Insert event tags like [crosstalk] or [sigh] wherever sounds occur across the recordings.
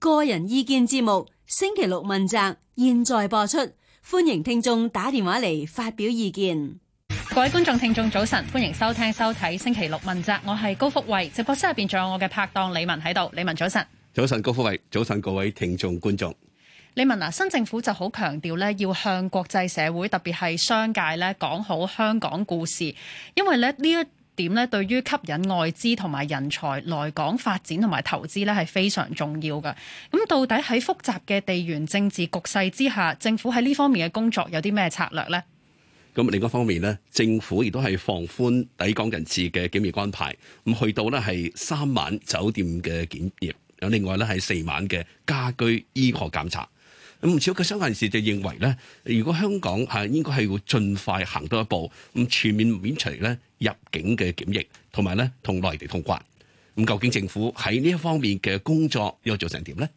個人意見節目星期六問責，現在播出，歡迎聽眾打電話嚟發表意見。各位觀眾聽眾早晨，歡迎收聽收睇，星期六問責，我係高福慧，直播室入邊仲有我嘅拍檔李文喺度。李文早晨。早晨高福慧，早晨各位聽眾觀眾。李文啊，新政府就好強調咧，要向國際社會，特別係商界咧，講好香港故事，因為咧呢一。點呢，對於吸引外資同埋人才來港發展同埋投資呢，係非常重要㗎。咁到底喺複雜嘅地緣政治局勢之下，政府喺呢方面嘅工作有啲咩策略呢？咁另一方面呢，政府亦都係放寬抵港人士嘅檢疫安排。咁去到呢係三晚酒店嘅檢驗，有另外呢係四晚嘅家居醫學檢查。咁唔少嘅相關人士就認為呢，如果香港係應該係會盡快行多一步，咁全面免除呢。入境嘅檢疫，同埋咧同內地通關。咁究竟政府喺呢一方面嘅工作又做成點呢？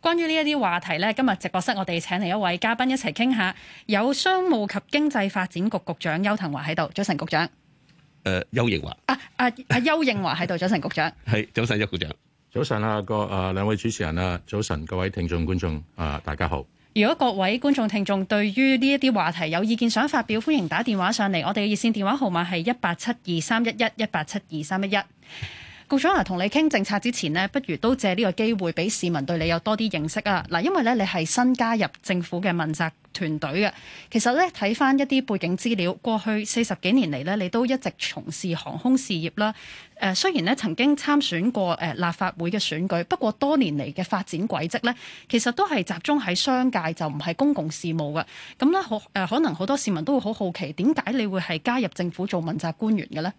關於呢一啲話題咧，今日直播室我哋請嚟一位嘉賓一齊傾下。有商務及經濟發展局局，局長邱騰華喺度，早晨局長。誒、呃，丘應樺。啊啊啊，丘應樺喺度，早晨局長。係， [laughs] 早晨丘局長。早晨啊，個啊兩位主持人啊，早晨各位聽眾觀眾啊、呃，大家好。如果各位觀眾聽眾對於呢一啲話題有意見想發表，歡迎打電話上嚟，我哋嘅熱線電話號碼係一八七二三一一一八七二三一一。局長啊，同你傾政策之前呢，不如都借呢個機會俾市民對你有多啲認識啊！嗱，因為咧，你係新加入政府嘅問責團隊嘅。其實咧，睇翻一啲背景資料，過去四十幾年嚟呢，你都一直從事航空事業啦。誒，雖然呢曾經參選過誒立法會嘅選舉，不過多年嚟嘅發展軌跡呢，其實都係集中喺商界，就唔係公共事務嘅。咁咧，好誒，可能好多市民都會好好奇，點解你會係加入政府做問責官員嘅呢？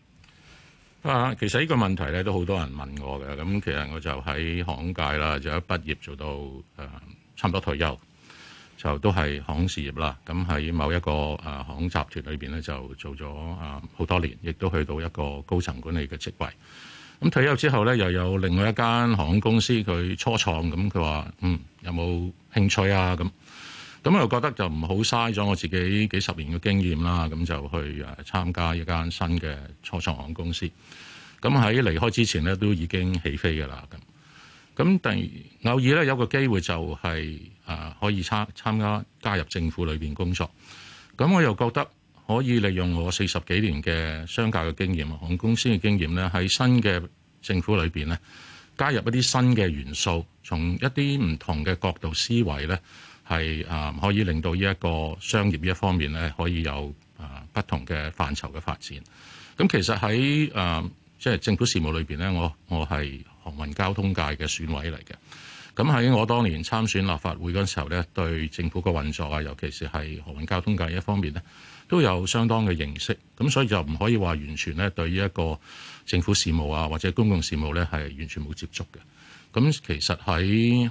啊，其實呢個問題咧都好多人問我嘅，咁其實我就喺航空界啦，就一畢業做到誒差唔多退休，就都係航空事業啦。咁喺某一個誒航空集團裏邊咧就做咗誒好多年，亦都去到一個高層管理嘅職位。咁退休之後咧又有另外一間航空公司佢初創，咁佢話嗯，有冇興趣啊咁。咁我又覺得就唔好嘥咗我自己幾十年嘅經驗啦，咁就去誒參加一間新嘅初創航空公司。咁喺離開之前咧，都已經起飛㗎啦。咁咁第偶爾咧有個機會就係誒可以參參加加入政府裏面工作。咁我又覺得可以利用我四十幾年嘅商界嘅經驗，航空公司嘅經驗咧，喺新嘅政府裏面咧加入一啲新嘅元素，從一啲唔同嘅角度思維咧。係啊，可以令到呢一個商業呢一方面咧，可以有啊不同嘅範疇嘅發展。咁其實喺啊，即係政府事務裏邊咧，我我係航運交通界嘅選委嚟嘅。咁喺我當年參選立法會嗰陣時候咧，對政府嘅運作啊，尤其是係航運交通界一方面咧，都有相當嘅認識。咁所以就唔可以話完全咧對呢一個政府事務啊，或者公共事務咧係完全冇接觸嘅。咁其實喺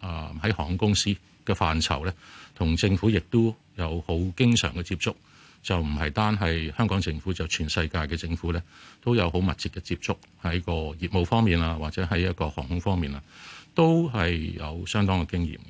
啊喺航空公司嘅範疇咧，同政府亦都有好經常嘅接觸，就唔係單係香港政府，就全世界嘅政府咧都有好密切嘅接觸喺個業務方面啦，或者喺一個航空方面啦，都係有相當嘅經驗嘅。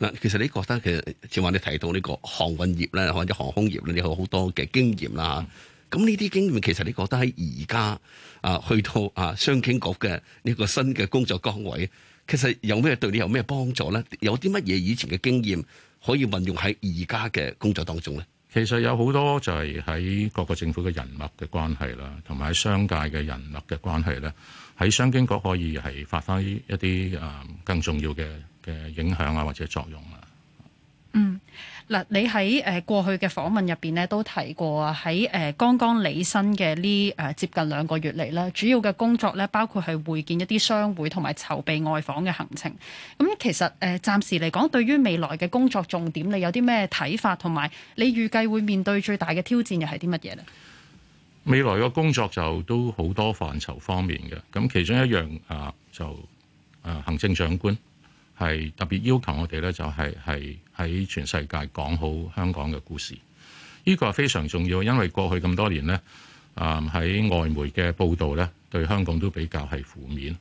嗱，其實你覺得其實，正話你提到呢個航運業咧，或者航空業咧，你有好多嘅經驗啦。咁呢啲經驗其實你覺得喺而家啊，去到啊商經局嘅呢個新嘅工作崗位，其實有咩對你有咩幫助咧？有啲乜嘢以前嘅經驗可以運用喺而家嘅工作當中咧？其實有好多就係喺各個政府嘅人脈嘅關係啦，同埋商界嘅人脈嘅關係咧，喺商經局可以係發揮一啲誒更重要嘅嘅影響啊，或者作用啊。嗯。嗱，你喺誒過去嘅訪問入邊咧，都提過喺誒剛剛履新嘅呢誒接近兩個月嚟咧，主要嘅工作咧，包括係會見一啲商會同埋籌備外訪嘅行程。咁其實誒暫時嚟講，對於未來嘅工作重點，你有啲咩睇法，同埋你預計會面對最大嘅挑戰又係啲乜嘢咧？未來嘅工作就都好多範疇方面嘅，咁其中一樣啊，就誒行政長官。係特別要求我哋呢，就係係喺全世界講好香港嘅故事，呢個非常重要，因為過去咁多年呢，啊喺外媒嘅報道呢，對香港都比較係負面。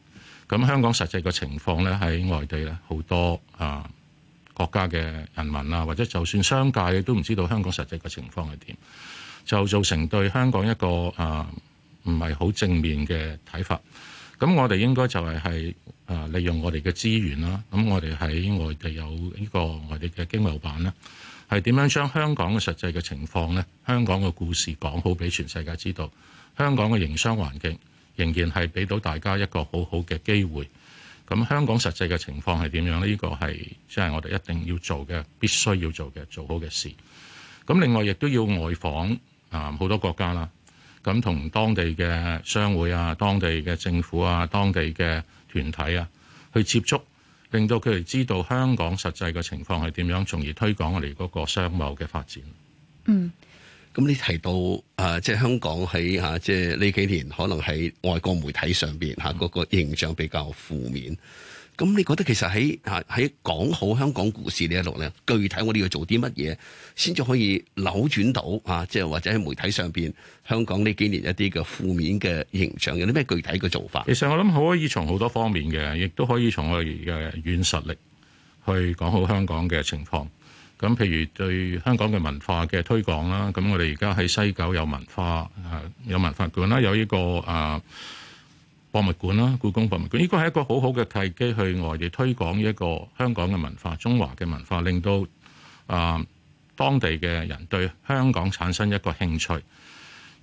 咁香港實際嘅情況呢，喺外地呢，好多啊國家嘅人民啊，或者就算商界都唔知道香港實際嘅情況係點，就造成對香港一個啊唔係好正面嘅睇法。咁我哋應該就係係啊，利用我哋嘅資源啦。咁我哋喺外地有呢個外地嘅經貿辦，啦，係點樣將香港實際嘅情況呢？香港嘅故事講好俾全世界知道。香港嘅營商環境仍然係俾到大家一個好好嘅機會。咁香港實際嘅情況係點樣呢？呢個係即係我哋一定要做嘅、必須要做嘅、做好嘅事。咁另外亦都要外訪啊，好多國家啦。咁同當地嘅商會啊、當地嘅政府啊、當地嘅團體啊去接觸，令到佢哋知道香港實際嘅情況係點樣，從而推廣我哋嗰個商貿嘅發展。嗯，咁你提到啊，即係香港喺嚇，即係呢幾年可能喺外國媒體上邊嚇嗰個形象比較負面。咁你覺得其實喺啊喺講好香港故事呢一路咧，具體我哋要做啲乜嘢，先至可以扭轉到啊，即係或者喺媒體上面，香港呢幾年一啲嘅負面嘅形象，有啲咩具體嘅做法？其實我諗可以從好多方面嘅，亦都可以從我哋嘅軟實力去講好香港嘅情況。咁譬如對香港嘅文化嘅推廣啦，咁我哋而家喺西九有文化啊有文化館啦，有呢個啊。博物館啦，故宮博物館應該係一個好好嘅契機，去外地推廣一個香港嘅文化、中華嘅文化，令到啊當地嘅人對香港產生一個興趣，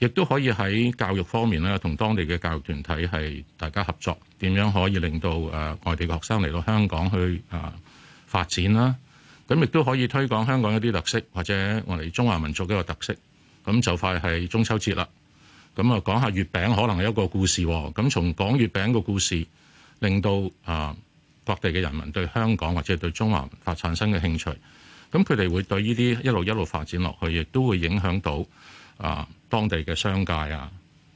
亦都可以喺教育方面咧，同當地嘅教育團體係大家合作，點樣可以令到外地嘅學生嚟到香港去啊發展啦。咁亦都可以推廣香港一啲特色，或者我哋中華民族嘅一個特色。咁就快係中秋節啦！咁啊，講下月餅可能係一個故事。咁從講月餅個故事，令到啊各、呃、地嘅人民對香港或者對中華文化產生嘅興趣。咁佢哋會對呢啲一路一路發展落去，亦都會影響到啊、呃、當地嘅商界啊，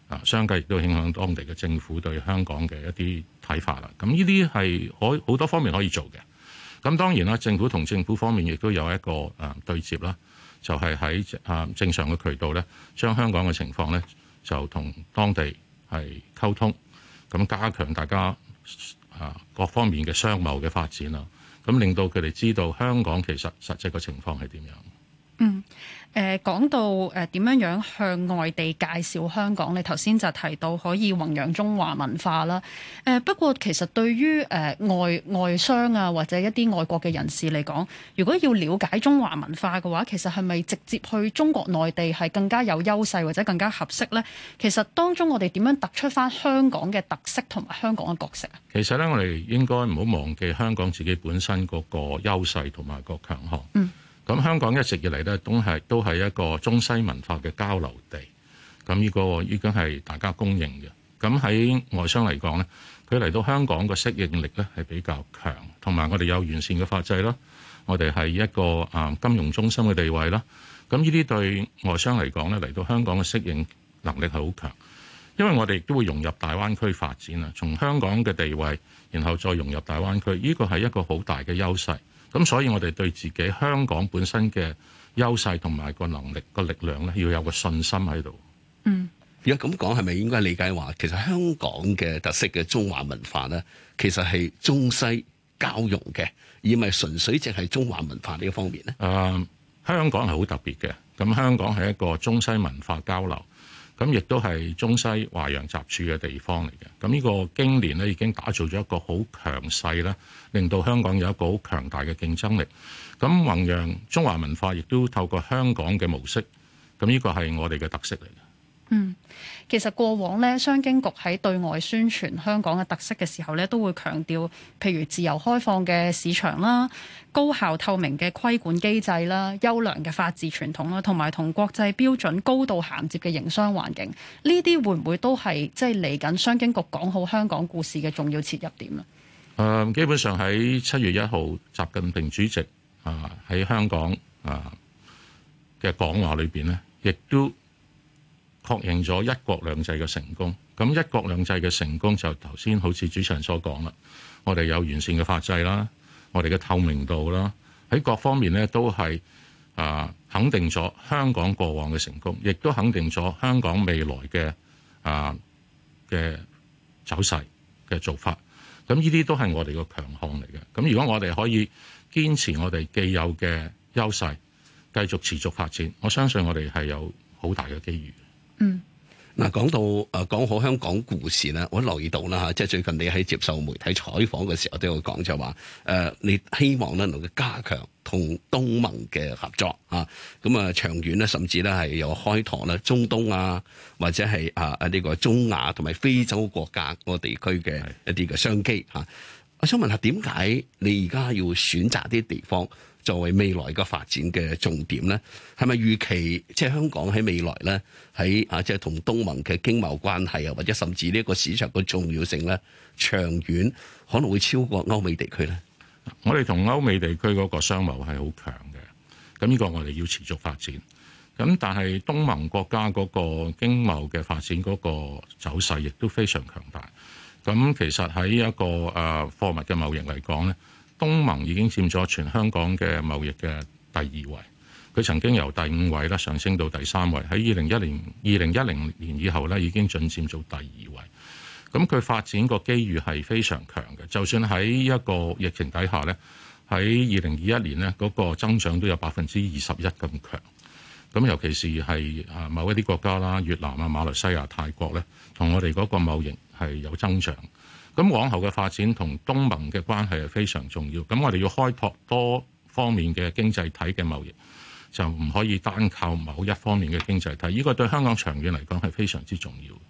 啊商界亦都影響當地嘅政府對香港嘅一啲睇法啦。咁呢啲係可好多方面可以做嘅。咁當然啦，政府同政府方面亦都有一個誒、呃、對接啦，就係喺啊正常嘅渠道咧，將香港嘅情況咧。就同當地係溝通，咁加強大家啊各方面嘅商貿嘅發展啦，咁令到佢哋知道香港其實實際嘅情況係點樣。嗯，誒、呃，講到誒點樣樣向外地介紹香港，你頭先就提到可以弘揚中華文化啦。誒、呃，不過其實對於誒、呃、外外商啊或者一啲外國嘅人士嚟講，如果要了解中華文化嘅話，其實係咪直接去中國內地係更加有優勢或者更加合適呢？其實當中我哋點樣突出翻香港嘅特色同埋香港嘅角色啊？其實咧，我哋應該唔好忘記香港自己本身嗰個優勢同埋個強項。嗯。咁香港一直以嚟咧，都係都係一個中西文化嘅交流地。咁呢個已經係大家公認嘅。咁喺外商嚟講咧，佢嚟到香港嘅適應力咧係比較強，同埋我哋有完善嘅法制啦，我哋係一個啊金融中心嘅地位啦。咁呢啲對外商嚟講咧，嚟到香港嘅適應能力係好強，因為我哋亦都會融入大灣區發展啊。從香港嘅地位，然後再融入大灣區，呢個係一個好大嘅優勢。咁所以我哋對自己香港本身嘅優勢，同埋個能力、個力量咧，要有個信心喺度。嗯，如果咁講係咪應該理解話，其實香港嘅特色嘅中華文化咧，其實係中西交融嘅，而唔係純粹淨係中華文化呢個方面咧。誒、嗯，香港係好特別嘅，咁香港係一個中西文化交流。咁亦都係中西華洋雜處嘅地方嚟嘅，咁呢個經年呢已經打造咗一個好強勢啦，令到香港有一個好強大嘅競爭力。咁弘揚中華文化，亦都透過香港嘅模式，咁呢個係我哋嘅特色嚟嘅。嗯，其實過往咧，商經局喺對外宣傳香港嘅特色嘅時候咧，都會強調譬如自由開放嘅市場啦、高效透明嘅規管機制啦、優良嘅法治傳統啦，同埋同國際標準高度銜接嘅營商環境，呢啲會唔會都係即係嚟緊商經局講好香港故事嘅重要切入點咧？基本上喺七月一號，習近平主席啊喺香港啊嘅講話裏邊咧，亦都。確認咗一國兩制嘅成功，咁一國兩制嘅成功就頭先好似主持人所講啦。我哋有完善嘅法制啦，我哋嘅透明度啦，喺各方面呢都係啊肯定咗香港過往嘅成功，亦都肯定咗香港未來嘅啊嘅走勢嘅做法。咁呢啲都係我哋個強項嚟嘅。咁如果我哋可以堅持我哋既有嘅優勢，繼續持續發展，我相信我哋係有好大嘅機遇的。嗯，嗱，講到誒，講好香港故事咧，我留意到啦吓，即係最近你喺接受媒體採訪嘅時候，我都有講就話，誒、呃，你希望咧能夠加強同東盟嘅合作啊，咁啊長遠咧甚至咧係有開拓咧中東啊，或者係啊啊呢、呢個中亞同埋非洲國家個地區嘅一啲嘅商機吓，我想問下點解你而家要選擇啲地方？作為未來嘅發展嘅重點咧，係咪預期即係、就是、香港喺未來咧喺啊，即係同東盟嘅經貿關係啊，或者甚至呢個市場嘅重要性咧，長遠可能會超過歐美地區咧？我哋同歐美地區嗰個商貿係好強嘅，咁呢個我哋要持續發展。咁但係東盟國家嗰個經貿嘅發展嗰個走勢亦都非常強大。咁其實喺一個啊呃、貨物嘅貿易嚟講咧。東盟已經佔咗全香港嘅貿易嘅第二位，佢曾經由第五位咧上升到第三位，喺二零一零二零一零年以後咧已經進佔咗第二位，咁佢發展個機遇係非常強嘅，就算喺一個疫情底下咧，喺二零二一年咧嗰個增長都有百分之二十一咁強，咁尤其是係啊某一啲國家啦，越南啊、馬來西亞、泰國咧，同我哋嗰個貿易係有增長。咁往後嘅發展同東盟嘅關係係非常重要，咁我哋要開拓多方面嘅經濟體嘅貿易，就唔可以單靠某一方面嘅經濟體，呢、這個對香港長遠嚟講，係非常之重要的。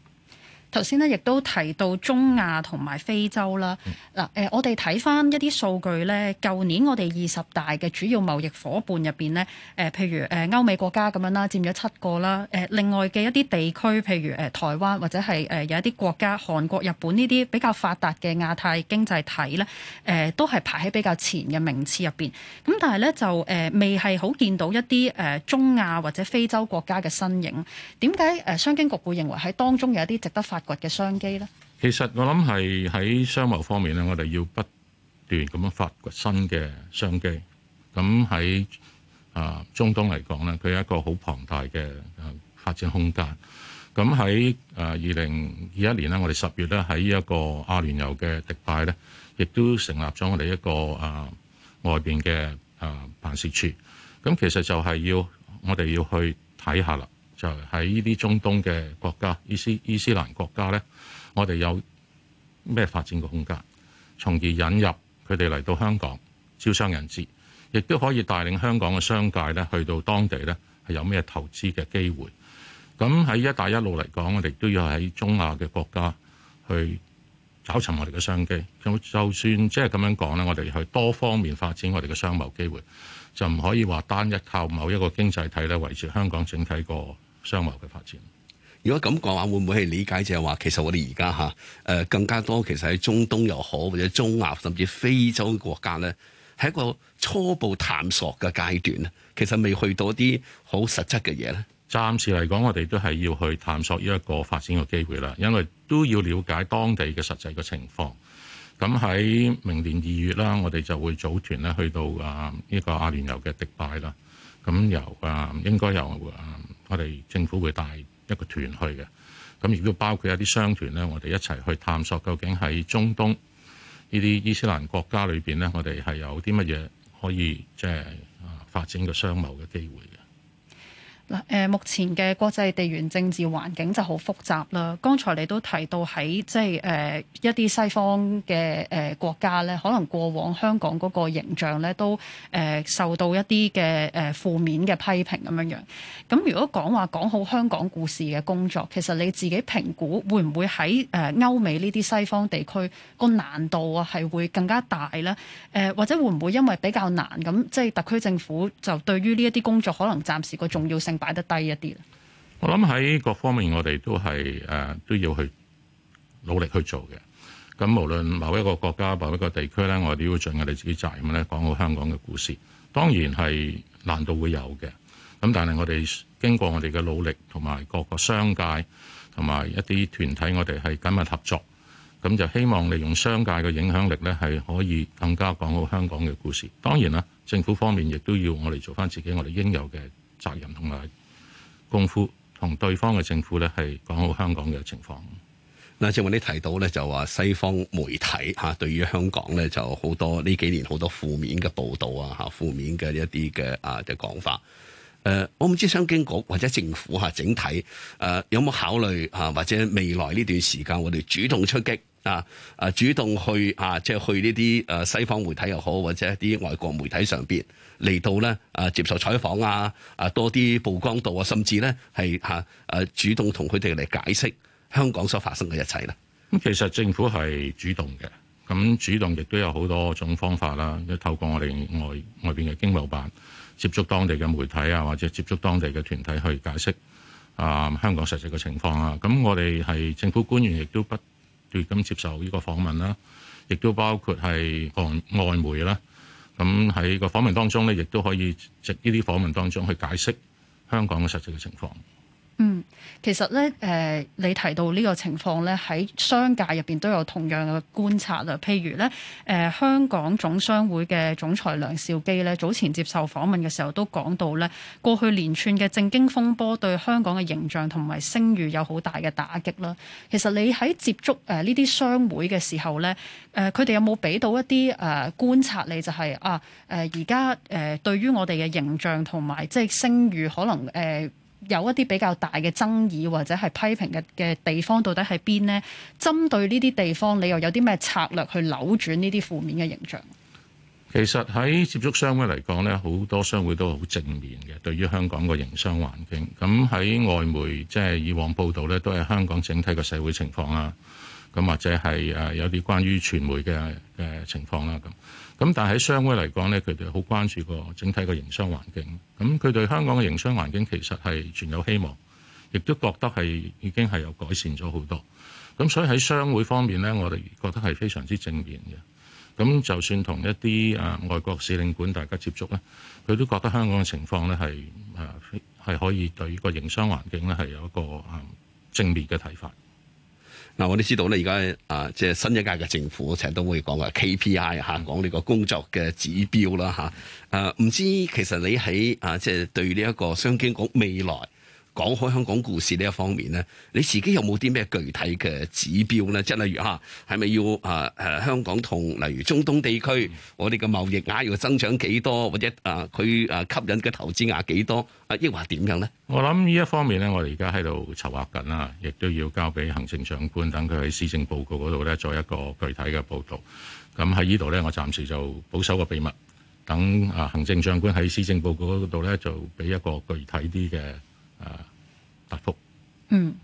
頭先咧，亦都提到中亞同埋非洲啦。嗱，誒，我哋睇翻一啲數據呢，舊年我哋二十大嘅主要貿易夥伴入邊呢，誒，譬如誒歐美國家咁樣啦，佔咗七個啦。誒，另外嘅一啲地區，譬如誒台灣或者係誒有一啲國家，韓國、日本呢啲比較發達嘅亞太經濟體呢，誒，都係排喺比較前嘅名次入邊。咁但係呢，就誒，未係好見到一啲誒中亞或者非洲國家嘅身影。點解誒商經局會認為喺當中有一啲值得發嘅商機咧，其實我諗係喺商貿方面咧，我哋要不斷咁樣發掘新嘅商機。咁喺啊中東嚟講咧，佢有一個好龐大嘅啊發展空間。咁喺啊二零二一年咧，我哋十月咧喺呢一個阿聯酋嘅迪拜咧，亦都成立咗我哋一個啊外邊嘅啊辦事處。咁其實就係要我哋要去睇下啦。就喺呢啲中東嘅國家、伊斯伊斯蘭國家咧，我哋有咩發展嘅空間，從而引入佢哋嚟到香港招商引資，亦都可以帶領香港嘅商界咧去到當地咧係有咩投資嘅機會，咁喺一帶一路嚟講，我哋都要喺中亞嘅國家去找尋我哋嘅商機，咁就算即係咁樣講咧，我哋去多方面發展我哋嘅商貿機會。就唔可以話單一靠某一個經濟體咧維持香港整體個商貿嘅發展。如果咁講話，會唔會係理解就係話，其實我哋而家嚇誒更加多其實喺中東又好或者中亞甚至非洲國家咧，係一個初步探索嘅階段咧，其實未去到啲好實質嘅嘢咧。暫時嚟講，我哋都係要去探索呢一個發展嘅機會啦，因為都要了解當地嘅實際嘅情況。咁喺明年二月啦，我哋就會組團咧去到啊呢個阿聯酋嘅迪拜啦。咁由啊應該由啊我哋政府會帶一個團去嘅。咁亦都包括一啲商團咧，我哋一齊去探索究竟喺中東呢啲伊斯蘭國家裏邊咧，我哋係有啲乜嘢可以即係啊發展個商貿嘅機會。嗱，誒目前嘅國際地緣政治環境就好複雜啦。剛才你都提到喺即係誒一啲西方嘅誒國家咧，可能過往香港嗰個形象咧都誒受到一啲嘅誒負面嘅批評咁樣樣。咁如果講話講好香港故事嘅工作，其實你自己評估會唔會喺誒歐美呢啲西方地區個難度啊，係會更加大咧？誒或者會唔會因為比較難咁，即係特區政府就對於呢一啲工作可能暫時個重要性擺得低一啲。我諗喺各方面，我們，我哋都係誒都要去努力去做嘅。咁無論某一個國家、某一個地區呢，我哋都要盡我哋自己責任咧，講好香港嘅故事。當然係難度會有嘅，咁但係我哋經過我哋嘅努力，同埋各個商界同埋一啲團體，我哋係緊密合作，咁就希望利用商界嘅影響力呢，係可以更加講好香港嘅故事。當然啦，政府方面亦都要我哋做翻自己，我哋應有嘅。責任同埋功夫，同對方嘅政府咧，係講好香港嘅情況。嗱，正話你提到咧，就話西方媒體嚇對於香港咧，就好多呢幾年好多負面嘅報道啊嚇，負面嘅一啲嘅啊嘅講法。誒，我唔知商經局或者政府嚇整體誒有冇考慮嚇，或者未來呢段時間我哋主動出擊啊啊，主動去啊，即係去呢啲誒西方媒體又好，或者一啲外國媒體上邊，嚟到咧啊，接受採訪啊，啊多啲曝光度啊，甚至咧係嚇誒主動同佢哋嚟解釋香港所發生嘅一切啦。咁其實政府係主動嘅，咁主動亦都有好多種方法啦，一透過我哋外外邊嘅經貿辦接觸當地嘅媒體啊，或者接觸當地嘅團體去解釋啊香港實際嘅情況啊。咁我哋係政府官員亦都不斷咁接受呢個訪問啦，亦都包括係外媒啦。咁喺個訪問當中呢，亦都可以藉呢啲訪問當中去解釋香港嘅實際嘅情況。嗯，其實咧，誒、呃，你提到呢個情況咧，喺商界入邊都有同樣嘅觀察啦。譬如咧，誒、呃，香港總商會嘅總裁梁兆基咧，早前接受訪問嘅時候都講到咧，過去連串嘅政經風波對香港嘅形象同埋聲譽有好大嘅打擊啦。其實你喺接觸誒呢啲商會嘅時候咧，誒、呃，佢哋有冇俾到一啲誒、呃、觀察？你就係、是、啊，誒、呃，而家誒對於我哋嘅形象同埋即係聲譽，可能誒，呃有一啲比較大嘅爭議或者係批評嘅嘅地方，到底喺邊呢？針對呢啲地方，你又有啲咩策略去扭轉呢啲負面嘅形象？其實喺接觸商會嚟講咧，好多商會都好正面嘅，對於香港個營商環境。咁喺外媒即係、就是、以往報道咧，都係香港整體嘅社會情況啦，咁或者係誒有啲關於傳媒嘅嘅情況啦咁。咁但係喺商會嚟講咧，佢哋好關注個整體個營商環境。咁佢對香港嘅營商環境其實，係存有希望，亦都覺得係已經，係有改善咗好多。咁所以喺商會方面咧，我哋覺得係非常之正面嘅。咁就算同一啲啊外國使領館大家接觸咧，佢都覺得香港嘅情況咧係啊係可以對呢個營商環境咧係有一個啊正面嘅睇法。嗱，我哋知道咧，而家啊，即係新一屆嘅政府成日都會講嘅 KPI 嚇，講呢個工作嘅指標啦嚇。誒，唔知道其實你喺啊，即係對呢一個商經局未來。講開香港故事呢一方面呢你自己有冇啲咩具體嘅指標呢？即係例如嚇，係咪要啊？誒，香港同例如中東地區，我哋嘅貿易額要增長幾多，或者啊佢啊吸引嘅投資額幾多？抑或點樣呢？我諗呢一方面呢我哋而家喺度籌劃緊啦，亦都要交俾行政長官等佢喺施政報告嗰度咧，做一個具體嘅報導。咁喺呢度咧，我暫時就保守個秘密，等啊行政長官喺施政報告嗰度咧，就俾一個具體啲嘅。啊、嗯！答覆嗯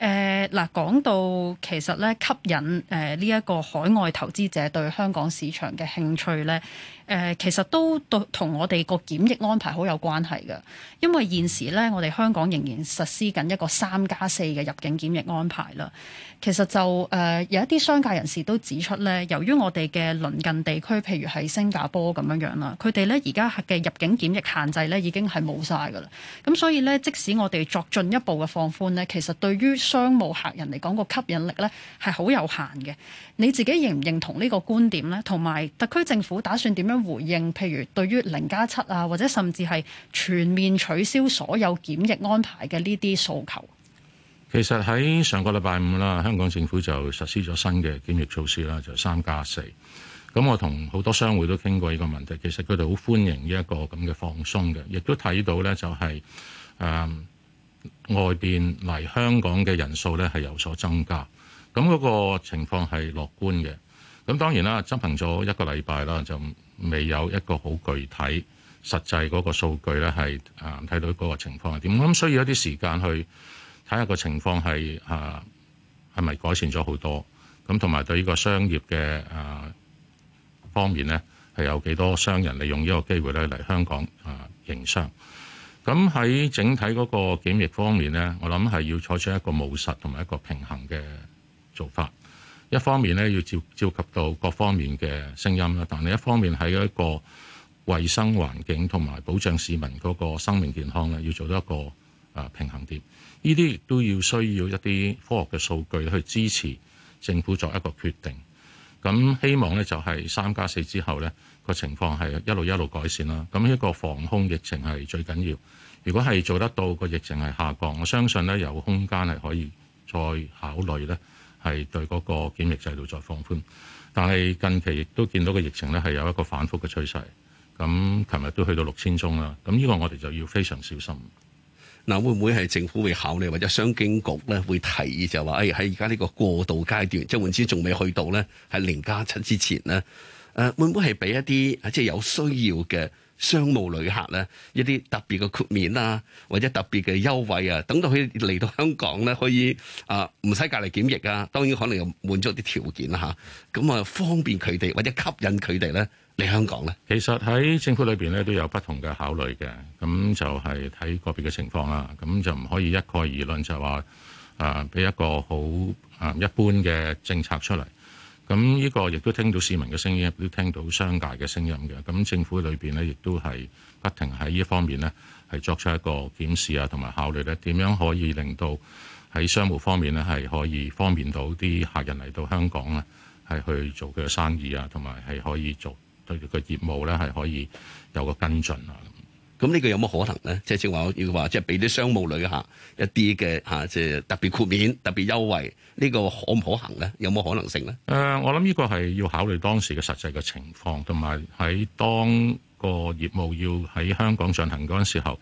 誒，嗱，講到其實咧，吸引誒呢一個海外投資者對香港市場嘅興趣咧。誒、呃，其實都對同我哋個檢疫安排好有關係嘅，因為現時咧，我哋香港仍然實施緊一個三加四嘅入境檢疫安排啦。其實就誒、呃，有一啲商界人士都指出咧，由於我哋嘅鄰近地區，譬如係新加坡咁樣樣啦，佢哋咧而家嘅入境檢疫限制咧已經係冇晒㗎啦。咁所以咧，即使我哋作進一步嘅放寬咧，其實對於商務客人嚟講個吸引力咧係好有限嘅。你自己認唔認同呢個觀點咧？同埋特區政府打算點樣？回應，譬如對於零加七啊，或者甚至係全面取消所有檢疫安排嘅呢啲訴求，其實喺上個禮拜五啦，香港政府就實施咗新嘅檢疫措施啦，就三加四。咁我同好多商會都傾過呢個問題，其實佢哋好歡迎呢一個咁嘅放鬆嘅，亦都睇到咧就係、是、誒、呃、外邊嚟香港嘅人數咧係有所增加，咁嗰個情況係樂觀嘅。咁當然啦，執行咗一個禮拜啦，就未有一個好具體、實際嗰個數據咧，係啊睇到嗰個情況係點？咁需要一啲時間去睇下個情況係啊係咪改善咗好多？咁同埋對呢個商業嘅啊方面咧，係有幾多商人利用呢個機會咧嚟香港啊營商？咁喺整體嗰個檢疫方面咧，我諗係要採取一個務實同埋一個平衡嘅做法。一方面咧要召召集到各方面嘅聲音啦，但係一方面係一個衛生環境同埋保障市民嗰個生命健康咧，要做到一個啊平衡點。呢啲亦都要需要一啲科學嘅數據去支持政府作一個決定。咁希望咧就係三加四之後咧，個情況係一路一路改善啦。咁呢個防控疫情係最緊要。如果係做得到個疫情係下降，我相信咧有空間係可以再考慮咧。係對嗰個檢疫制度再放寬，但係近期亦都見到個疫情咧係有一個反覆嘅趨勢。咁琴日都去到六千宗啦，咁呢個我哋就要非常小心。嗱，會唔會係政府會考慮或者商經局咧會提議就話，誒喺而家呢個過渡階段，即係換言之仲未去到咧，喺零加七之前咧，誒會唔會係俾一啲即係有需要嘅商務旅客咧，一啲特別嘅豁免啊，或者特別嘅優惠啊，等到佢嚟到香港咧，可以啊唔使隔離檢疫啊，當然可能又滿足啲條件啦、啊、嚇，咁啊方便佢哋或者吸引佢哋咧嚟香港咧。其實喺政府裏邊咧都有不同嘅考慮嘅，咁就係睇個別嘅情況啦，咁就唔可以一概而論就話、是、啊俾一個好啊一般嘅政策出嚟。咁呢個亦都聽到市民嘅聲音，亦都聽到商界嘅聲音嘅。咁政府裏面呢，亦都係不停喺呢一方面呢，係作出一個檢視啊，同埋考慮呢點樣可以令到喺商務方面呢，係可以方便到啲客人嚟到香港呢，係去做佢嘅生意啊，同埋係可以做對佢嘅業務呢，係可以有個跟進啊。咁呢個有冇可能咧？即係似話要話，即係俾啲商務旅客一啲嘅嚇，即係特別豁免、特別優惠，呢、這個可唔可行咧？有冇可能性咧？誒、呃，我諗呢個係要考慮當時嘅實際嘅情況，同埋喺當個業務要喺香港進行嗰陣時候，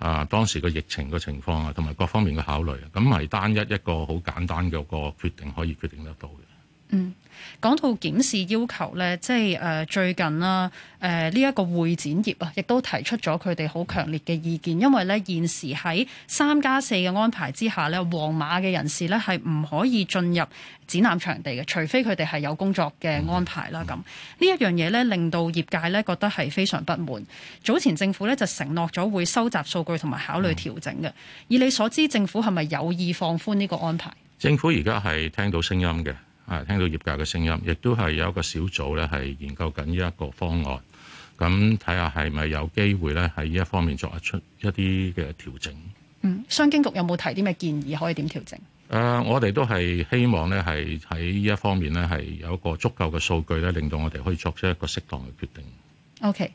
啊，當時個疫情嘅情況啊，同埋各方面嘅考慮，咁唔係單一一個好簡單嘅個決定可以決定得到嘅。嗯，講到檢視要求呢，即係誒、呃、最近啦，誒呢一個會展業啊，亦都提出咗佢哋好強烈嘅意見。嗯，因為呢現時喺三加四嘅安排之下呢，黃碼嘅人士呢係唔可以進入展覽場地嘅，除非佢哋係有工作嘅安排啦。咁呢一樣嘢呢，令到業界呢覺得係非常不滿。早前政府呢就承諾咗會收集數據同埋考慮調整嘅。嗯。以你所知，政府係咪有意放寬呢個安排？政府而家係聽到聲音嘅。啊！聽到業界嘅聲音，亦都係有一個小組咧，係研究緊呢一個方案，咁睇下係咪有機會咧，喺呢一方面作出一啲嘅調整。嗯，商經局有冇提啲咩建議，可以點調整？誒、呃，我哋都係希望咧，係喺呢一方面咧，係有一個足夠嘅數據咧，令到我哋可以作出一個適當嘅決定。OK。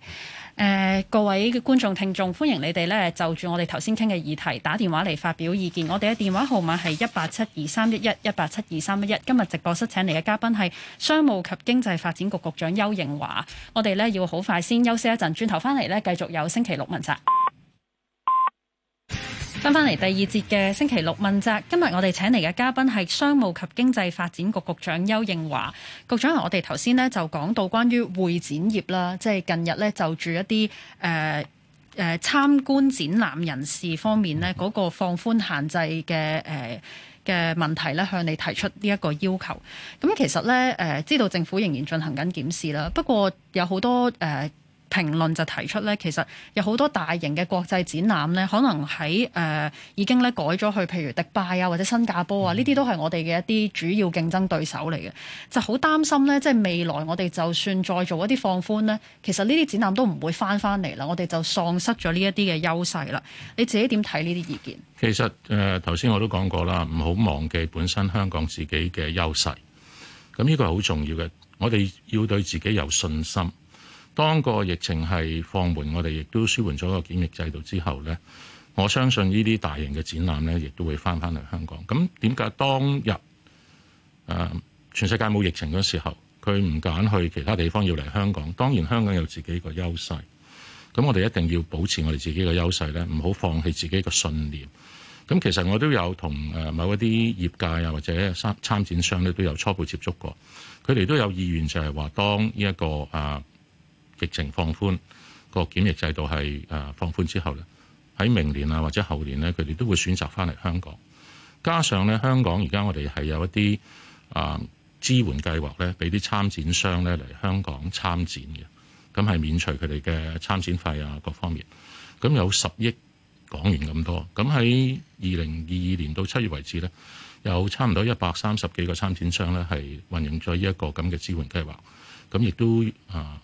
誒、呃、各位觀眾聽眾，歡迎你哋咧就住我哋頭先傾嘅議題打電話嚟發表意見。我哋嘅電話號碼係一八七二三一一一八七二三一一。今日直播室請嚟嘅嘉賓係商務及經濟發展局局長丘應樺。我哋咧要好快先休息一陣，轉頭翻嚟咧繼續有星期六問責。翻翻嚟第二節嘅星期六問責，今日我哋請嚟嘅嘉賓係商務及經濟發展局局長丘應樺局長。我哋頭先咧就講到關於會展業啦，即係近日咧就住一啲誒誒參觀展覽人士方面咧嗰個放寬限制嘅嘅、呃、問題咧，向你提出呢一個要求。咁其實咧、呃、知道政府仍然進行緊檢視啦，不過有好多、呃評論就提出呢，其實有好多大型嘅國際展覽呢，可能喺誒、呃、已經咧改咗去，譬如迪拜啊，或者新加坡啊，呢啲都係我哋嘅一啲主要競爭對手嚟嘅，就好擔心呢，即係未來我哋就算再做一啲放寬呢，其實呢啲展覽都唔會返返嚟啦，我哋就喪失咗呢一啲嘅優勢啦。你自己點睇呢啲意見？其實誒頭先我都講過啦，唔好忘記本身香港自己嘅優勢，咁呢個係好重要嘅，我哋要對自己有信心。當個疫情係放緩，我哋亦都舒緩咗個檢疫制度之後呢，我相信呢啲大型嘅展覽呢亦都會翻翻嚟香港。咁點解當日、啊、全世界冇疫情嗰時候，佢唔揀去其他地方要嚟香港？當然香港有自己個優勢。咁我哋一定要保持我哋自己個優勢呢，唔好放棄自己個信念。咁其實我都有同誒某一啲業界啊，或者參、參展商呢，都有初步接觸過，佢哋都有意願就係話，當呢、這、一個誒。啊疫情放寬個檢疫制度係誒放寬之後咧，喺明年啊或者後年呢，佢哋都會選擇翻嚟香港。加上咧，香港而家我哋係有一啲啊支援計劃咧，俾啲參展商咧嚟香港參展嘅，咁係免除佢哋嘅參展費啊各方面。咁有十億港元咁多。咁喺二零二二年到七月為止咧，有差唔多一百三十幾個參展商咧係運用咗依一個咁嘅支援計劃。咁亦都啊。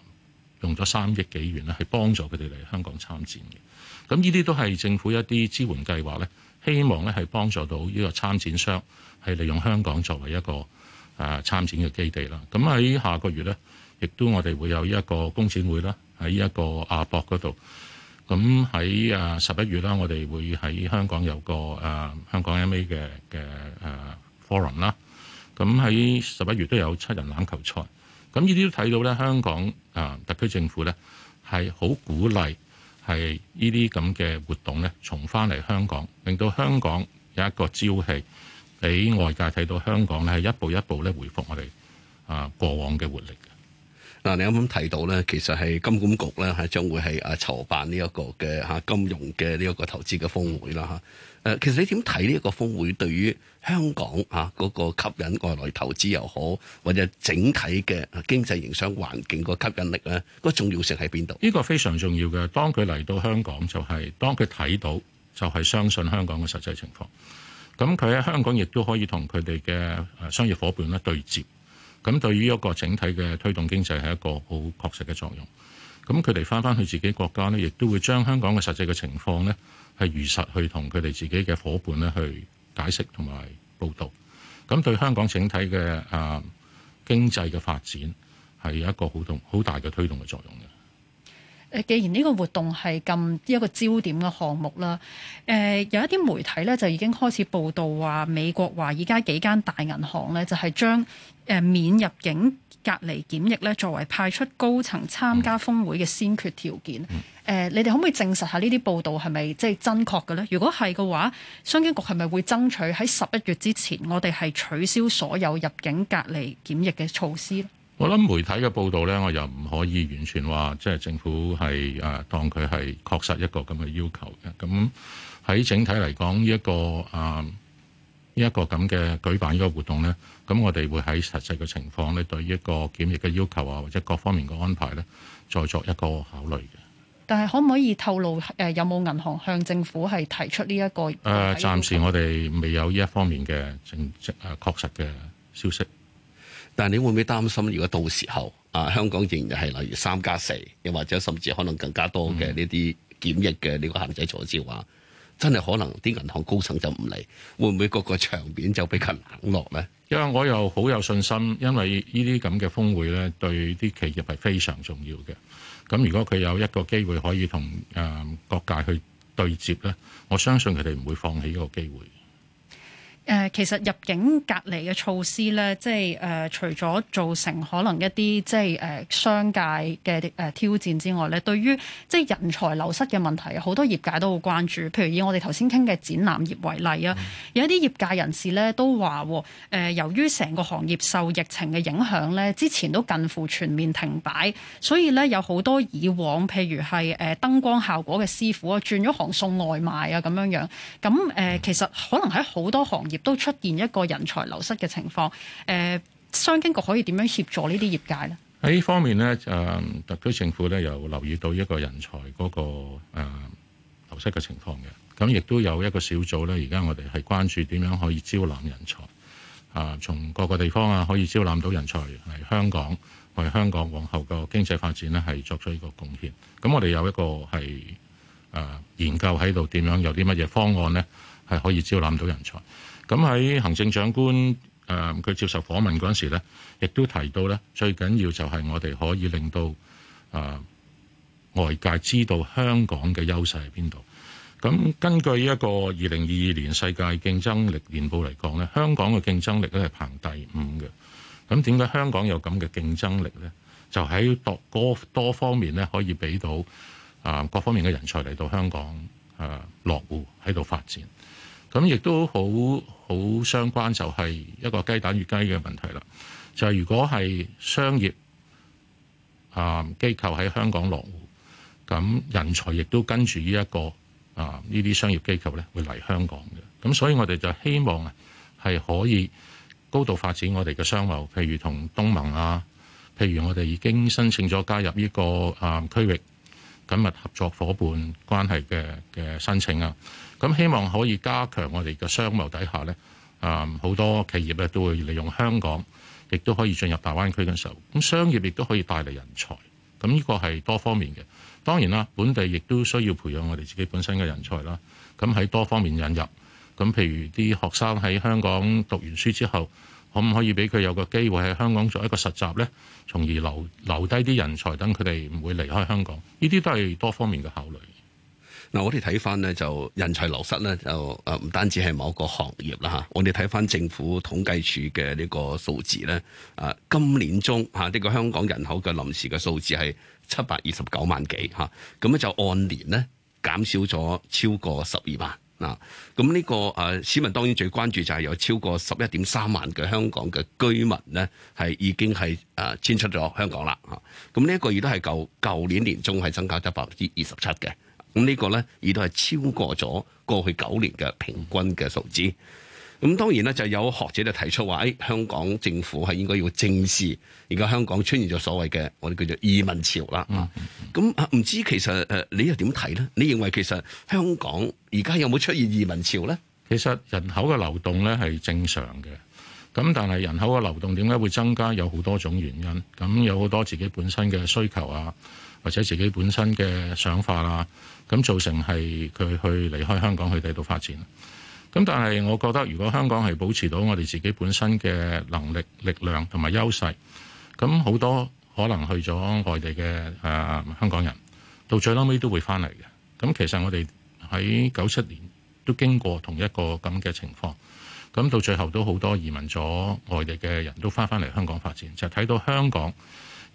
用咗三億幾元咧，係幫助佢哋嚟香港參展嘅。咁呢啲都係政府一啲支援計劃咧，希望咧係幫助到呢個參展商係利用香港作為一個誒參展嘅基地啦。咁喺下個月咧，亦都我哋會有呢一個工展會啦，喺呢一個亞博嗰度。咁喺誒十一月啦，我哋會喺香港有個誒香港 MA 嘅嘅誒、啊、forum 啦。咁喺十一月都有七人欖球賽。咁呢啲都睇到咧，香港啊、呃，特區政府咧係好鼓勵係呢啲咁嘅活動咧，重翻嚟香港，令到香港有一個朝氣，俾外界睇到香港咧係一步一步咧回復我哋啊、呃、過往嘅活力。嗱，你啱啱提到咧，其實係金管局咧係將會係啊籌辦呢一個嘅嚇金融嘅呢一個投資嘅峰會啦嚇。誒，其實你點睇呢一個峰會對於香港嚇嗰個吸引外來投資又好，或者整體嘅經濟營商環境個吸引力咧，個重要性喺邊度？呢個非常重要嘅。當佢嚟到香港，就係當佢睇到，就係相信香港嘅實際情況。咁佢喺香港亦都可以同佢哋嘅誒商業伙伴咧對接。咁對於一個整體嘅推動經濟係一個好確實嘅作用。咁佢哋返返去自己國家呢，亦都會將香港嘅實際嘅情況呢，係如實去同佢哋自己嘅伙伴呢去解釋同埋報導。咁對香港整體嘅誒、啊、經濟嘅發展係有一個好動好大嘅推動嘅作用嘅。誒，既然呢個活動係咁一個焦點嘅項目啦，誒、呃、有一啲媒體呢，就已經開始報導話美國話而家幾間大銀行呢，就係將誒、呃、免入境隔離檢疫咧，作為派出高層參加峰會嘅先決條件。誒、嗯嗯呃，你哋可唔可以證實下呢啲報道係咪即係真確嘅咧？如果係嘅話，商經局係咪會爭取喺十一月之前，我哋係取消所有入境隔離檢疫嘅措施咧？我諗媒體嘅報道咧，我又唔可以完全話即係政府係誒、啊、當佢係確實一個咁嘅要求嘅。咁喺整體嚟講，呢一個誒。啊呢一個咁嘅舉辦呢個活動咧，咁我哋會喺實際嘅情況咧，對呢一個檢疫嘅要求啊，或者各方面嘅安排咧，再作一個考慮嘅。但係可唔可以透露誒、呃、有冇銀行向政府係提出呢一個？誒、呃，暫時我哋未有呢一方面嘅正正誒、呃、確實嘅消息。但係你會唔會擔心，如果到時候啊，香港仍然係例如三加四，又或者甚至可能更加多嘅呢啲檢疫嘅呢個限制措施話？真係可能啲銀行高層就唔嚟，會唔會個個場面就比較冷落呢？因為我又好有信心，因為呢啲咁嘅峰會呢，對啲企業係非常重要嘅。咁如果佢有一個機會可以同誒各界去對接呢，我相信佢哋唔會放棄一個機會。誒、呃，其實入境隔離嘅措施咧，即係誒、呃，除咗造成可能一啲即係誒、呃、商界嘅誒、呃、挑戰之外咧，對於即係人才流失嘅問題，好多業界都好關注。譬如以我哋頭先傾嘅展覽業為例啊、嗯，有一啲業界人士咧都話誒、呃，由於成個行業受疫情嘅影響咧，之前都近乎全面停擺，所以咧有好多以往譬如係誒、呃、燈光效果嘅師傅啊，轉咗行送外賣啊咁樣樣。咁誒、呃，其實可能喺好多行業，亦都出現一個人才流失嘅情況，誒，商經局可以點樣協助呢啲業界呢？喺呢方面呢誒，特區政府呢又留意到一個人才嗰、那個、呃、流失嘅情況嘅，咁亦都有一個小組呢，而家我哋係關注點樣可以招攬人才，啊、呃，從各個地方啊可以招攬到人才嚟香港，為香港往後個經濟發展呢，係作出一個貢獻。咁我哋有一個係誒、呃、研究喺度，點樣有啲乜嘢方案呢，係可以招攬到人才。咁喺行政長官誒佢、呃、接受訪問嗰陣時咧，亦都提到咧，最緊要就係我哋可以令到啊、呃、外界知道香港嘅優勢喺邊度。咁根據一個二零二二年世界競爭力年報嚟講咧，香港嘅競爭力咧係排第五嘅。咁點解香港有咁嘅競爭力咧？就喺多多多方面咧可以俾到啊、呃、各方面嘅人才嚟到香港誒、呃、落戶喺度發展。咁亦都好好相關就係一個雞蛋與雞嘅問題啦。就係、是、如果係商業啊機、嗯、構喺香港落戶，咁人才亦都跟住呢一個啊呢啲商業機構咧，會嚟香港嘅。咁所以我哋就希望啊，係可以高度發展我哋嘅商貿，譬如同東盟啊，譬如我哋已經申請咗加入呢、呢個啊區、嗯、域緊密合作夥伴關係嘅嘅申請啊。咁希望可以加強我哋嘅商貿底下呢，啊好多企業咧都會利用香港，亦都可以進入大灣區嘅時候，咁商業亦都可以帶嚟人才，咁呢個係多方面嘅。當然啦，本地亦都需要培養我哋自己本身嘅人才啦。咁喺多方面引入，咁譬如啲學生喺香港讀完書之後，可唔可以俾佢有個機會喺香港做一個實習呢？從而留留低啲人才，等佢哋唔會離開香港。呢啲都係多方面嘅考慮。嗱，我哋睇翻咧就人才流失咧，就誒唔單止係某個行業啦嚇，我哋睇翻政府統計處嘅呢個數字咧，啊今年中嚇呢個香港人口嘅臨時嘅數字係七百二十九萬幾嚇，咁咧就按年咧減少咗超過十二萬嗱，咁呢個誒市民當然最關注就係有超過十一點三萬嘅香港嘅居民咧係已經係誒遷出咗香港啦嚇，咁呢一個亦都係舊舊年年中係增加咗百分之二十七嘅。咁呢個咧，亦都係超過咗過去九年嘅平均嘅數字。咁當然咧，就有學者就提出話：誒、哎，香港政府係應該要正視而家香港出現咗所謂嘅我哋叫做移民潮啦。咁、嗯、啊，唔、嗯、知其實誒，你又點睇咧？你認為其實香港而家有冇出現移民潮咧？其實人口嘅流動咧係正常嘅，咁但係人口嘅流動點解會增加？有好多種原因，咁有好多自己本身嘅需求啊，或者自己本身嘅想法啊。咁造成係佢去離開香港去第度發展，咁但係我覺得如果香港係保持到我哋自己本身嘅能力力量同埋優勢，咁好多可能去咗外地嘅、誒、呃、香港人，到最後尾都會翻嚟嘅。咁其實我哋喺九七年都經過同一個咁嘅情況，咁到最後都好多移民咗外地嘅人都翻翻嚟香港發展，就睇、是、到香港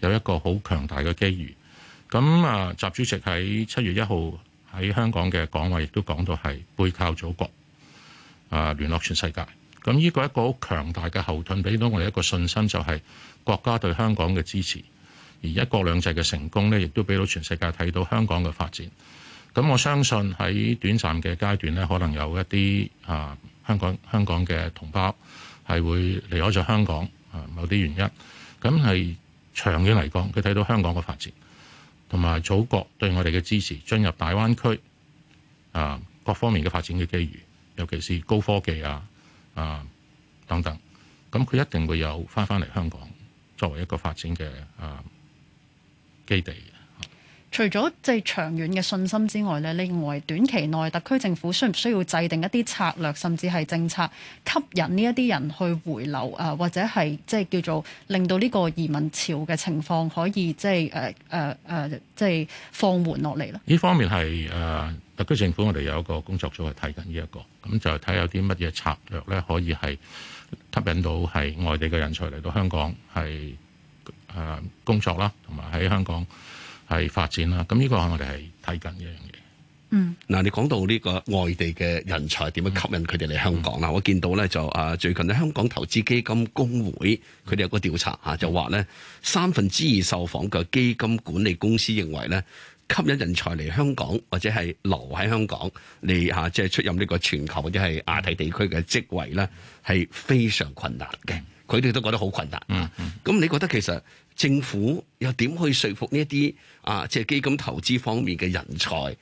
有一個好強大嘅機遇。咁啊，習主席喺七月一號喺香港嘅講話亦都講到係，背靠祖國啊，聯絡全世界。咁呢個一個好強大嘅後盾，俾到我哋一個信心，就係國家對香港嘅支持。而一國兩制嘅成功咧，亦都俾到全世界睇到香港嘅發展。咁我相信喺短暫嘅階段咧，可能有一啲啊香港香港嘅同胞係會離開咗香港啊，某啲原因。咁係長遠嚟講，佢睇到香港嘅發展。同埋祖國對我哋嘅支持，進入大灣區啊，各方面嘅發展嘅機遇，尤其是高科技啊啊等等，咁佢一定會有翻返嚟香港作為一個發展嘅啊基地。除咗即係長遠嘅信心之外咧，你認為短期內特區政府需唔需要制定一啲策略，甚至係政策吸引呢一啲人去回流啊，或者係即係叫做令到呢個移民潮嘅情況可以即係誒誒誒即係放緩落嚟啦。呢方面係誒特區政府，我哋有一個工作組係睇緊呢一個，咁就睇有啲乜嘢策略咧，可以係吸引到係外地嘅人才嚟到香港係誒工作啦，同埋喺香港，係發展啦，咁呢個係我哋係睇緊一樣嘢。嗯，嗱，你講到呢個外地嘅人才點樣吸引佢哋嚟香港呀、嗯？我見到咧就啊，最近咧香港投資基金公會佢哋有個調查吓，就話咧三分之二受訪嘅基金管理公司認為咧，吸引人才嚟香港或者係留喺香港嚟吓、啊，即係出任呢個全球或者係亞太地區嘅職位咧，係非常困難嘅。佢、嗯、哋都覺得好困難。嗯，咁你覺得其實，政府又點去說服呢一啲啊，即係基金投資方面嘅人才誒，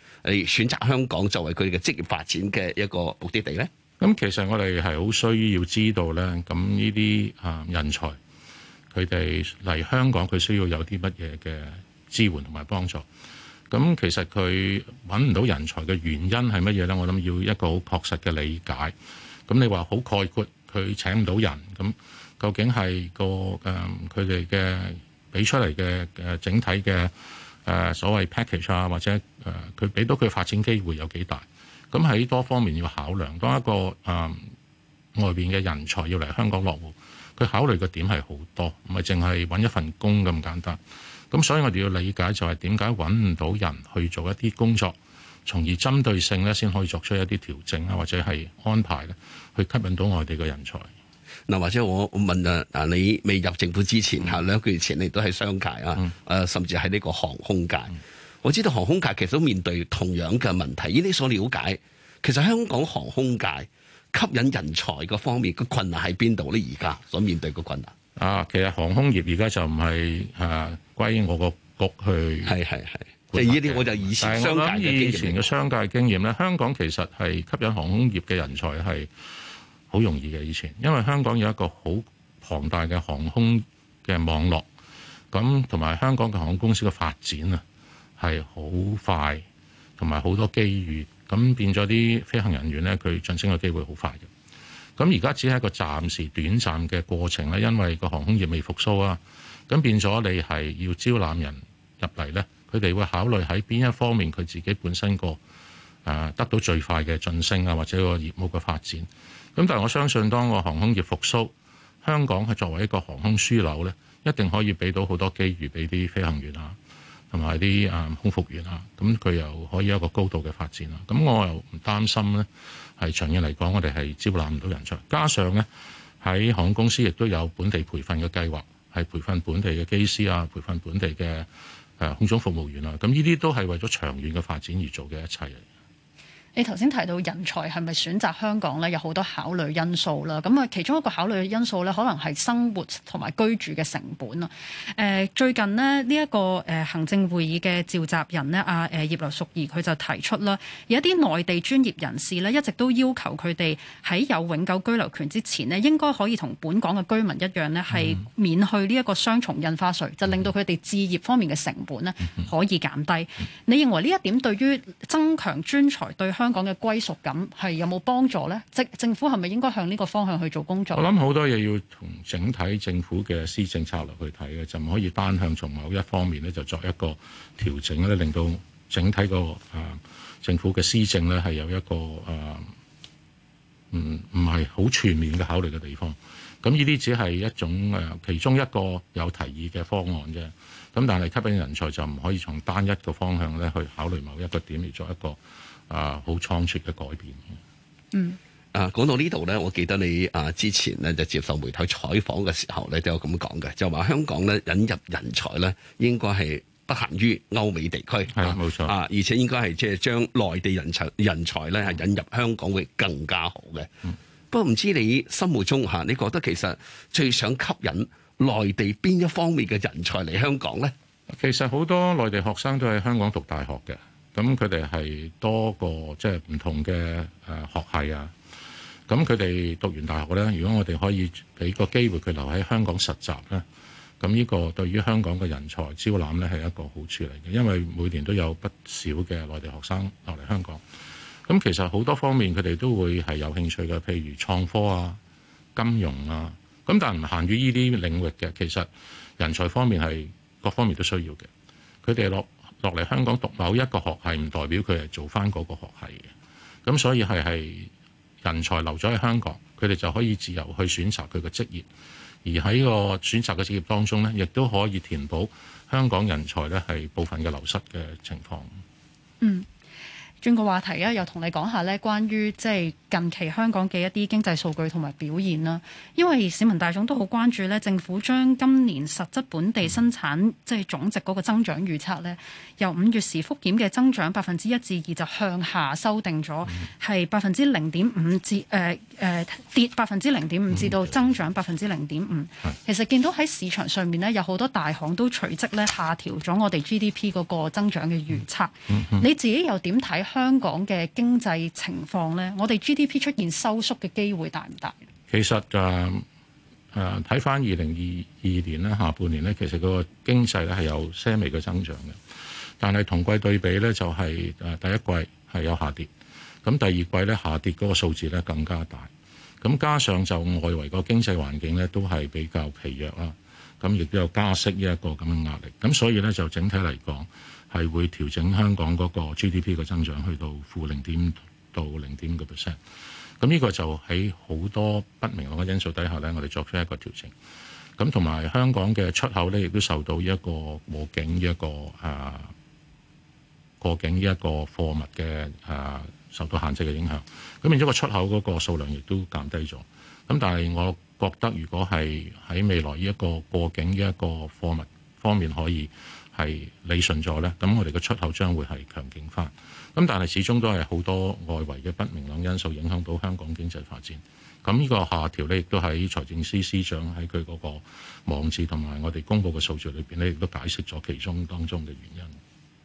選擇香港作為佢嘅職業發展嘅一個目的地咧？咁其實我哋係好需要知道咧，咁呢啲啊人才佢哋嚟香港佢需要有啲乜嘢嘅支援同埋幫助？咁其實，佢揾唔到人才嘅原因係乜嘢咧？我諗要一個好確實嘅理解。咁你話好概括佢請唔到人，咁究竟係個誒，佢哋嘅？俾出嚟嘅誒整體嘅誒所謂 package 啊，或者誒佢俾到佢發展機會有幾大？咁喺多方面要考量。當一個誒、呃、外邊嘅人才要嚟香港落戶，佢考慮嘅點係好多，唔係淨係揾一份工咁簡單，咁所以我哋要理解就係點解揾唔到人去做一啲工作，從而針對性咧先可以作出一啲調整啊，或者係安排咧去吸引到外地嘅人才。嗱，或者我我問啊，啊，你未入政府之前，嚇兩個月前，你都喺商界啊，誒，甚至喺呢個航空界。我知道航空界其實都面對同樣嘅問題。以你所了解，其實香港航空界吸引人才嘅方面嘅困難喺邊度咧？而家所面對嘅困難啊，其實航空業而家就唔係誒歸我個局去，係係係。即係呢啲我就以前商界嘅經驗。以前嘅商界經驗咧，香港其實係吸引航空業嘅人才係。好容易嘅以前，因為香港有一個好龐大嘅航空嘅網絡，咁同埋香港嘅航空公司嘅發展啊，係好快，同埋好多機遇，咁變咗啲飛行人員咧，佢晉升嘅機會好快嘅。咁而家只係一個暫時短暫嘅過程咧，因為個航空業未復蘇啊，咁變咗你係要招攬人入嚟咧，佢哋會考慮喺邊一方面，佢自己本身個誒得到最快嘅晉升啊，或者個業務嘅發展。咁但係我相信，當個航空業復蘇，香港係作為一個航空樞紐咧，一定可以俾到好多機遇俾啲飛行員啊，同埋啲誒空服員啊。咁佢又可以有一個高度嘅發展啦。咁我又唔擔心咧，係長遠嚟講，我哋係招攬唔到人才。加上咧，喺航空公司亦都有本地培訓嘅計劃，係培訓本地嘅機師啊，培訓本地嘅誒空中服務員啊。咁呢啲都係為咗長遠嘅發展而做嘅一切。你頭先提到人才係咪選擇香港呢？有好多考慮因素啦。咁啊，其中一個考慮因素呢，可能係生活同埋居住嘅成本啦。誒、呃，最近呢，呢、這、一個誒行政會議嘅召集人呢，阿、啊、誒葉劉淑儀佢就提出啦，有一啲內地專業人士呢，一直都要求佢哋喺有永久居留權之前呢，應該可以同本港嘅居民一樣呢，係免去呢一個雙重印花稅，就令到佢哋置業方面嘅成本呢可以減低。 [laughs] 你認為呢一點對於增強專才對香？香港嘅歸屬感係有冇幫助呢？即政府係咪應該向呢個方向去做工作？我諗好多嘢要從整體政府嘅施政策略去睇嘅，就唔可以單向從某一方面咧就作一個調整咧，令到整體個啊政府嘅施政咧係有一個啊唔唔係好全面嘅考慮嘅地方。咁呢啲只係一種誒、啊、其中一個有提議嘅方案啫。咁但係吸引人才就唔可以從單一個方向咧去考慮某一個點，嚟作一個。啊，好倉促嘅改變。嗯，啊，講到呢度呢，我記得你啊之前咧就接受媒體採訪嘅時候咧，都有咁講嘅，就話香港咧引入人才咧，應該係不限於歐美地區，係冇錯啊，而且應該係即係將內地人才人才咧引入香港會更加好嘅。嗯，不過唔知你心目中吓，你覺得其實最想吸引內地邊一方面嘅人才嚟香港呢？其實好多內地學生都係香港讀大學嘅。咁佢哋係多個即係唔同嘅誒學系啊，咁佢哋讀完大學咧，如果我哋可以俾個機會，佢留喺香港實習咧，咁呢個對於香港嘅人才招攬咧係一個好處嚟嘅，因為每年都有不少嘅內地學生落嚟香港。咁其實好多方面佢哋都會係有興趣嘅，譬如創科啊、金融啊。咁但係唔限於呢啲領域嘅，其實人才方面係各方面都需要嘅。佢哋落。落嚟香港讀某一個學系唔代表佢係做返嗰個學系嘅，咁所以係係人才留咗喺香港，佢哋就可以自由去選擇佢嘅職業，而喺個選擇嘅職業當中呢，亦都可以填補香港人才呢係部分嘅流失嘅情況。嗯，轉個話題啊，又同你講下呢關於即係。近期香港嘅一啲經濟數據同埋表現啦，因為市民大眾都好關注咧，政府將今年實質本地生產即係總值嗰個增長預測咧，由五月時覆檢嘅增長百分之一至二就向下修訂咗，係百分之零點五至誒誒、呃、跌百分之零點五至到增長百分之零點五。其實見到喺市場上面咧，有好多大行都隨即咧下調咗我哋 GDP 嗰個增長嘅預測， [laughs] 你自己又點睇香港嘅經濟情況咧？我哋 GDP P 出現收縮嘅機會大唔大？其實就誒睇返二零二二年咧，下半年咧，其實個經濟咧係有些微嘅增長嘅，但係同季對比咧，就係誒第一季係有下跌，咁第二季咧下跌嗰個數字咧更加大。咁加上就外圍個經濟環境咧都係比較疲弱啦，咁亦都有加息呢一個咁嘅壓力。咁所以咧就整體嚟講係會調整香港嗰個 GDP 嘅增長，去到負零點到零點五個 percent，咁呢個就喺好多不明朗嘅因素底下呢，我哋作出一個調整。咁同埋香港嘅出口呢，亦都受到一個冇境依一個啊過境依一個貨物嘅啊受到限制嘅影響，咁變咗個出口嗰個數量亦都減低咗。咁但係我覺得，如果係喺未來依一個過境依一個貨物方面可以係理順咗呢，咁我哋嘅出口將會係強勁翻。咁但係始終都係好多外圍嘅不明朗因素影響到香港經濟發展。咁呢個下調咧，亦都喺財政司司長喺佢嗰個網誌同埋我哋公布嘅數據裏邊咧，亦都解釋咗其中當中嘅原因。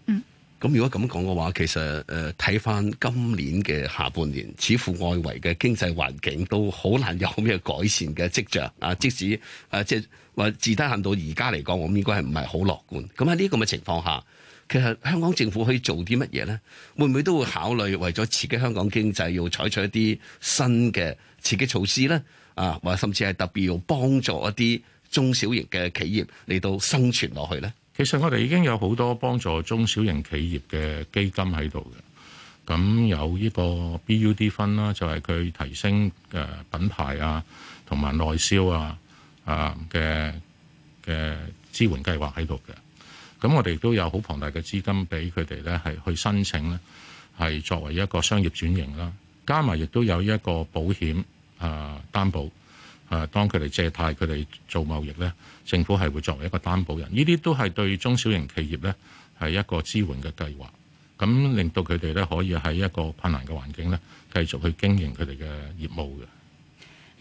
嗯，咁如果咁講嘅話，其實誒睇翻今年嘅下半年，似乎外圍嘅經濟環境都好難有咩改善嘅跡象啊！即使誒、啊、即係話至低限度到而家嚟講，我哋應該係唔係好樂觀。咁喺呢咁嘅情況下。其實香港政府可以做啲乜嘢咧？會唔會都會考慮為咗刺激香港經濟，要採取一啲新嘅刺激措施咧？啊，或者甚至係特別要幫助一啲中小型嘅企業嚟到生存落去咧？其實我哋已經有好多幫助中小型企業嘅基金喺度嘅，咁有呢個 BUD Fund 啦，就係佢提升誒品牌啊，同埋內銷啊啊嘅嘅支援計劃喺度嘅。咁我哋都有好龐大嘅資金俾佢哋咧，係去申請咧，係作為一個商業轉型啦。加埋亦都有一個保險啊擔保啊，當佢哋借貸佢哋做貿易咧，政府係會作為一個擔保人。呢啲都係對中小型企業咧係一個支援嘅計劃，咁令到佢哋咧可以喺一個困難嘅環境咧繼續去經營佢哋嘅業務嘅。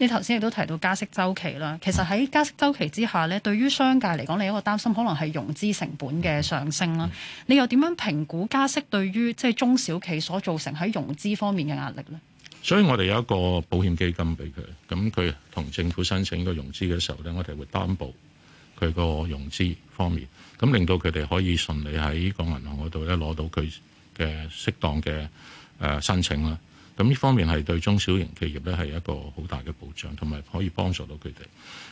你頭先亦都提到加息周期啦，其實喺加息周期之下咧，對於商界嚟講，你一個擔心可能係融資成本嘅上升啦。你又點樣評估加息對於即係中小企所造成喺融資方面嘅壓力呢？所以我哋有一個保險基金俾佢，咁佢同政府申請個融資嘅時候咧，我哋會擔保佢個融資方面，咁令到佢哋可以順利喺個銀行嗰度咧攞到佢嘅適當嘅誒申請啦。咁呢方面係對中小型企業咧係一個好大嘅保障，同埋可以幫助到佢哋。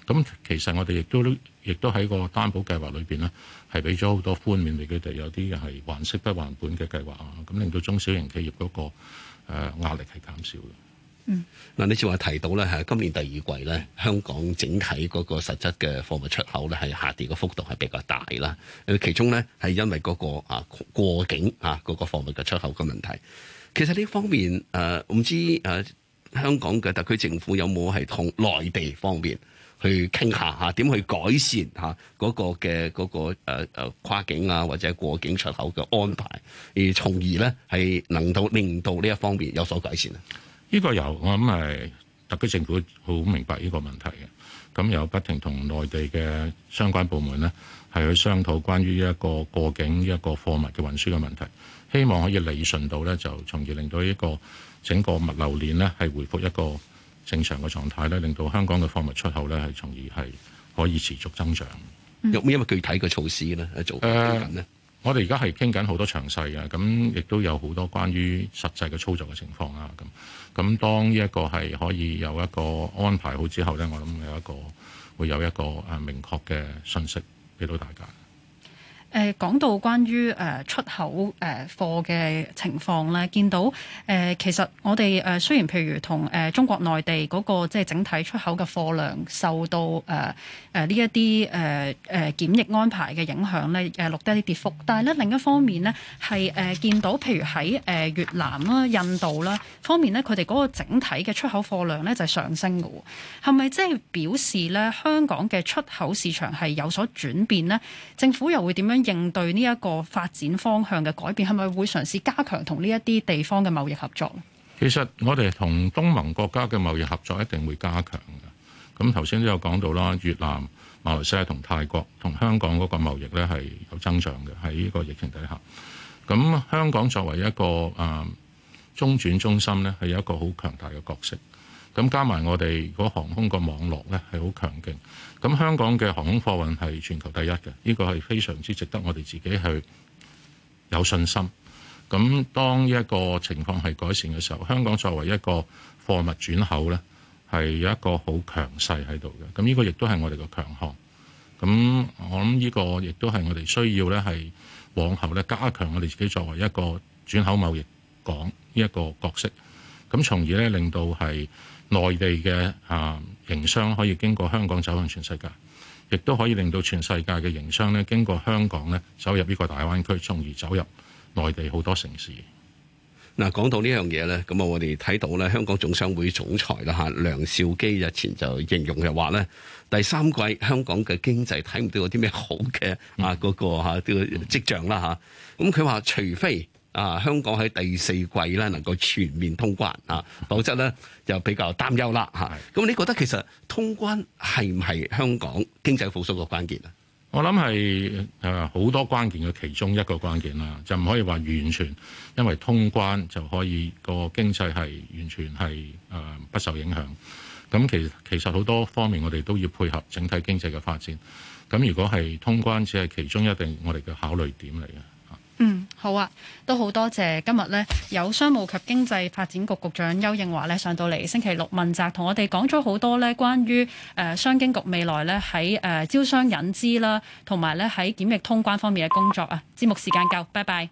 咁其實我哋亦都亦都喺個擔保計劃裏邊咧，係俾咗好多寬免俾佢哋，有啲係還息不還本嘅計劃啊。咁令到中小型企業嗰個誒壓力係減少嘅。嗯，嗱、嗯、你先話提到咧嚇，今年第二季咧香港整體嗰個實質嘅貨物出口咧係下跌嘅幅度係比較大啦。其中咧係因為嗰、那個啊過境啊嗰、那個貨物嘅出口嘅問題。其實呢方面，誒、啊，唔知誒、啊，香港嘅特區政府有冇係同內地方面去傾下吓，點去改善吓嗰個嘅嗰、嗰個誒誒、啊、跨境啊或者過境出口嘅安排，呃、從而從而咧係能夠令到呢一方面有所改善啊？呢、呢個由我諗係特區政府好明白呢個問題嘅，咁又不停同內地嘅相關部門咧係去商討關於一個過境一個貨物嘅運輸嘅問題。希望可以理順到咧，就從而令到一個整個物流鏈咧，係恢復一個正常嘅狀態咧，令到香港嘅貨物出口咧，係從而係可以持續增長。嗯、有咩？一個具體嘅措施咧，喺做緊咧。我哋而家係傾緊好多詳細嘅，咁亦都有好多關於實際嘅操作嘅情況啊。咁咁當呢一個係可以有一個安排好之後咧，我諗有一個會有一個誒明確嘅信息俾到大家。誒講到關於誒出口誒貨嘅情況咧，見到誒其實我哋誒雖然譬如同誒中國內地嗰個即係整體出口嘅貨量受到誒誒呢一啲誒誒檢疫安排嘅影響咧，誒錄低啲跌幅，但係咧另一方面咧係誒見到譬如喺誒越南啦、印度啦方面咧，佢哋嗰個整體嘅出口貨量咧就係上升嘅喎，係咪即係表示咧香港嘅出口市場係有所轉變咧？政府又會點樣應對呢一個發展方向嘅改變，係咪會嘗試加強同呢一啲地方嘅貿易合作？其實我哋同東盟國家嘅貿易合作一定會加強嘅。咁頭先都有講到啦，越南、馬來西亞同泰國同香港嗰個貿易咧係有增長嘅喺呢個疫情底下。咁香港作為一個、呃、中轉中心咧，係有一個好強大嘅角色。咁加埋我哋嗰航空個網絡咧係好強勁。咁香港嘅航空貨運係全球第一嘅，呢個係非常之值得我哋自己去有信心。咁當呢一個情況係改善嘅時候，香港作為一個貨物轉口咧，係有一個好強勢喺度嘅。咁呢個亦都係我哋嘅強項。咁我諗呢個亦都係我哋需要咧，係往後咧，加強我哋自己作為一個轉口貿易港呢一個角色。咁從而咧令到係。內地嘅啊、嗯、營商可以經過香港走向全世界，亦都可以令到全世界嘅營商咧經過香港咧走入呢個大灣區，從而走入內地好多城市。嗱，講到呢樣嘢咧，咁啊，我哋睇到咧，香港總商會總裁啦嚇，梁兆基日前就形容嘅話咧，第三季香港嘅經濟睇唔到有啲咩好嘅、嗰個嗯嗰個、啊嗰、嗰個啲跡象啦嚇。咁佢話除非。啊！香港喺第四季咧，能夠全面通關啊，否則咧就比較擔憂啦嚇。咁你覺得其實通關係唔係香港經濟復甦嘅關鍵啊？我諗係誒好多關鍵嘅其中一個關鍵啦，就唔可以話完全因為通關就可以個經濟係完全係誒不受影響。咁其其實好多方面我哋都要配合整體經濟嘅發展。咁如果係通關只係其中一定我哋嘅考慮點嚟嘅。嗯，好啊，都好多謝今日呢，有商務及經濟發展局局長丘應樺呢上到嚟星期六問責，同我哋講咗好多呢關於誒商經局未來呢喺誒招商引資啦，同埋呢喺檢疫通關方面嘅工作啊。節目時間夠，拜拜。